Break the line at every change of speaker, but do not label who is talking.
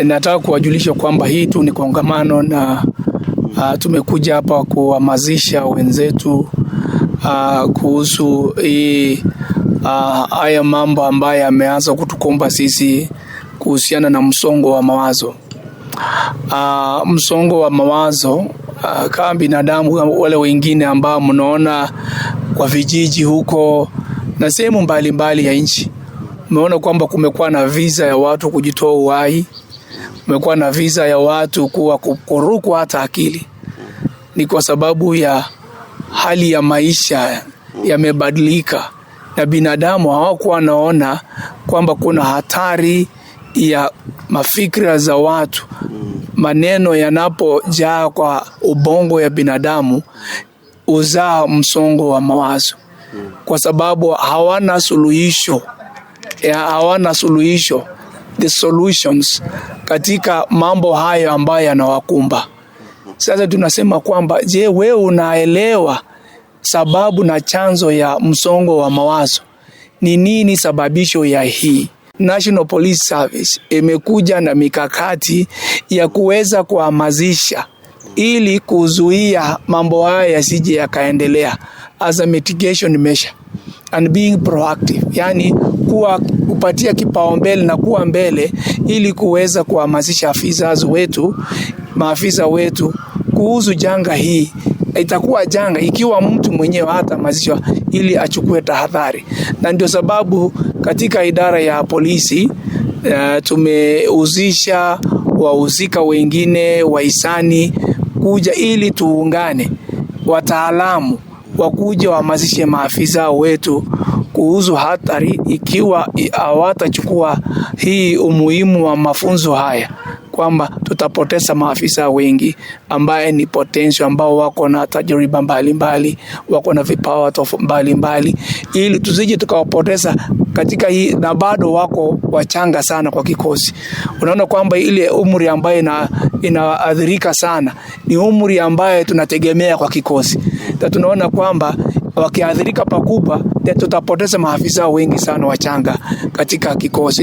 Eh, nataka kuwajulisha kwamba hii tu ni kongamano na a, ah, tumekuja hapa kuhamasisha wenzetu a, ah, kuhusu hii ah, haya mambo ambayo yameanza kutukumba sisi kuhusiana na msongo wa mawazo a, msongo wa mawazo kama binadamu wale wengine ambao mnaona kwa vijiji huko na sehemu mbalimbali ya nchi, umeona kwamba kumekuwa na visa ya watu kujitoa uhai kumekuwa na visa ya watu kuwa kurukwa hata akili, ni kwa sababu ya hali ya maisha yamebadilika, na binadamu hawakuwa wanaona kwamba kuna hatari ya mafikira za watu. Maneno yanapojaa kwa ubongo ya binadamu uzaa msongo wa mawazo, kwa sababu hawana suluhisho, hawana suluhisho the solutions katika mambo hayo ambayo yanawakumba. Sasa tunasema kwamba je, wewe unaelewa sababu na chanzo ya msongo wa mawazo ni nini? Sababisho ya hii National Police Service imekuja na mikakati ya kuweza kuhamasisha ili kuzuia mambo haya yasije yakaendelea, as a mitigation measure and being proactive, yani kuwa kupatia kipaumbele na kuwa mbele ili kuweza kuhamasisha afisa wetu, maafisa wetu kuhusu janga hii. Itakuwa janga ikiwa mtu mwenyewe hatahamasishwa ili achukue tahadhari, na ndio sababu katika idara ya polisi uh, eh, tumehusisha wahusika wengine wahisani kuja ili tuungane wataalamu wakuje wahamasishe maafisa wetu kuhusu hatari ikiwa hawatachukua hii umuhimu wa mafunzo haya kwamba tutapoteza maafisa wengi ambaye ni potential ambao wako na tajriba mbalimbali, wako na vipawa mbalimbali, ili tusije tukawapoteza katika hii na bado wako wachanga sana kwa kikosi. Unaona kwamba ile umri ambayo inaadhirika sana ni umri ambayo tunategemea kwa kikosi, na tunaona kwamba wakiadhirika pakubwa tutapoteza maafisa wengi sana wachanga katika kikosi.